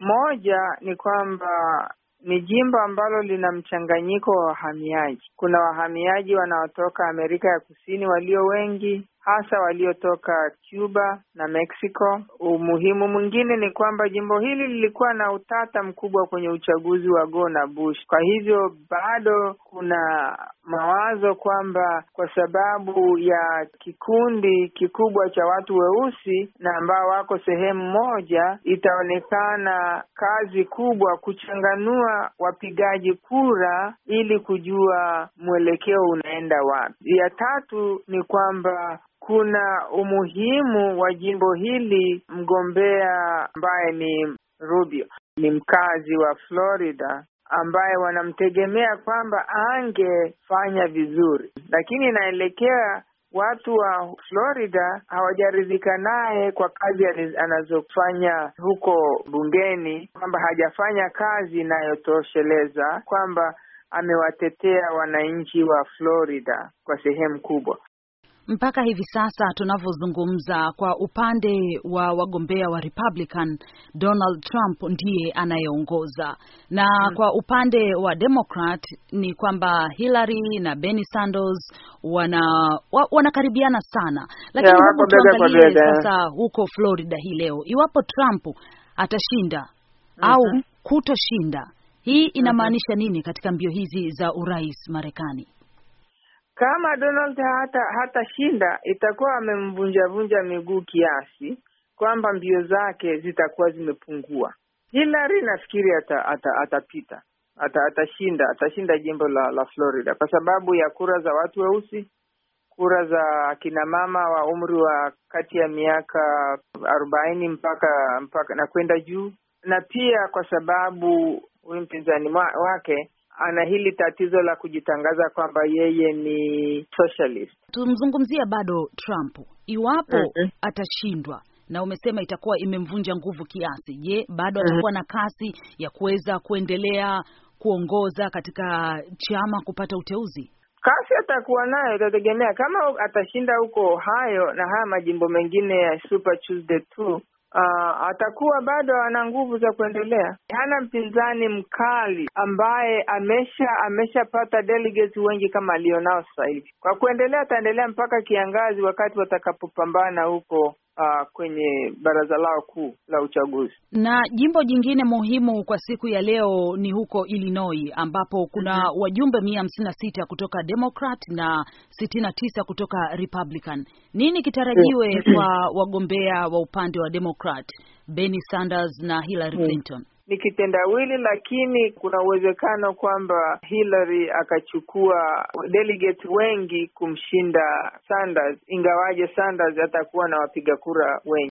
Moja ni kwamba ni jimbo ambalo lina mchanganyiko wa wahamiaji. Kuna wahamiaji wanaotoka Amerika ya Kusini walio wengi, hasa waliotoka Cuba na Mexico. Umuhimu mwingine ni kwamba jimbo hili lilikuwa na utata mkubwa kwenye uchaguzi wa Gore na Bush. Kwa hivyo bado kuna mawazo kwamba kwa sababu ya kikundi kikubwa cha watu weusi na ambao wako sehemu moja, itaonekana kazi kubwa kuchanganua wapigaji kura ili kujua mwelekeo unaenda wapi. Ya tatu ni kwamba kuna umuhimu wa jimbo hili. Mgombea ambaye ni Rubio ni mkazi wa Florida ambaye wanamtegemea kwamba angefanya vizuri, lakini inaelekea watu wa Florida hawajaridhika naye kwa kazi anazofanya huko bungeni, kwamba hajafanya kazi inayotosheleza, kwamba amewatetea wananchi wa Florida kwa sehemu kubwa mpaka hivi sasa tunavyozungumza, kwa upande wa wagombea wa Republican, Donald Trump ndiye anayeongoza na hmm. Kwa upande wa Democrat ni kwamba Hillary na Bernie Sanders wana wa, wanakaribiana sana, lakini hebu tuangalie sasa huko Florida hii leo, iwapo Trump atashinda hmm. au kutoshinda, hii mhm. inamaanisha nini katika mbio hizi za urais Marekani? Kama Donald hata hatashinda itakuwa amemvunjavunja miguu kiasi kwamba mbio zake zitakuwa zimepungua. Hillary nafikiri atapita, ata, atashinda ata atashinda jimbo la, la Florida kwa sababu ya kura za watu weusi, kura za akina mama wa umri wa kati ya miaka arobaini mpaka, mpaka na kwenda juu, na pia kwa sababu huyu mpinzani wake ana hili tatizo la kujitangaza kwamba yeye ni socialist. Tumzungumzia bado Trump iwapo mm -hmm. atashindwa na umesema itakuwa imemvunja nguvu kiasi. Je, bado mhm. atakuwa mm -hmm. na kasi ya kuweza kuendelea kuongoza katika chama kupata uteuzi? Kasi atakuwa nayo, itategemea kama atashinda huko Ohio na haya majimbo mengine ya Super Tuesday tu uh, atakuwa bado ana nguvu za kuendelea. Hana mpinzani mkali ambaye amesha ameshapata delegates wengi kama alionao sasa hivi. Kwa kuendelea, ataendelea mpaka kiangazi, wakati watakapopambana huko uh, kwenye baraza lao kuu la uchaguzi. Na jimbo jingine muhimu kwa siku ya leo ni huko Illinois ambapo kuna mm -hmm. wajumbe mia hamsini na sita kutoka Democrat na sitini na tisa kutoka Republican. Nini kitarajiwe mhm. kwa wagombea wa upande wa Democrat Bernie Sanders na Hillary mhm. Clinton? mm -hmm ni kitendawili, lakini kuna uwezekano kwamba Hillary akachukua delegate wengi kumshinda Sanders, ingawaje Sanders atakuwa na wapiga kura wengi.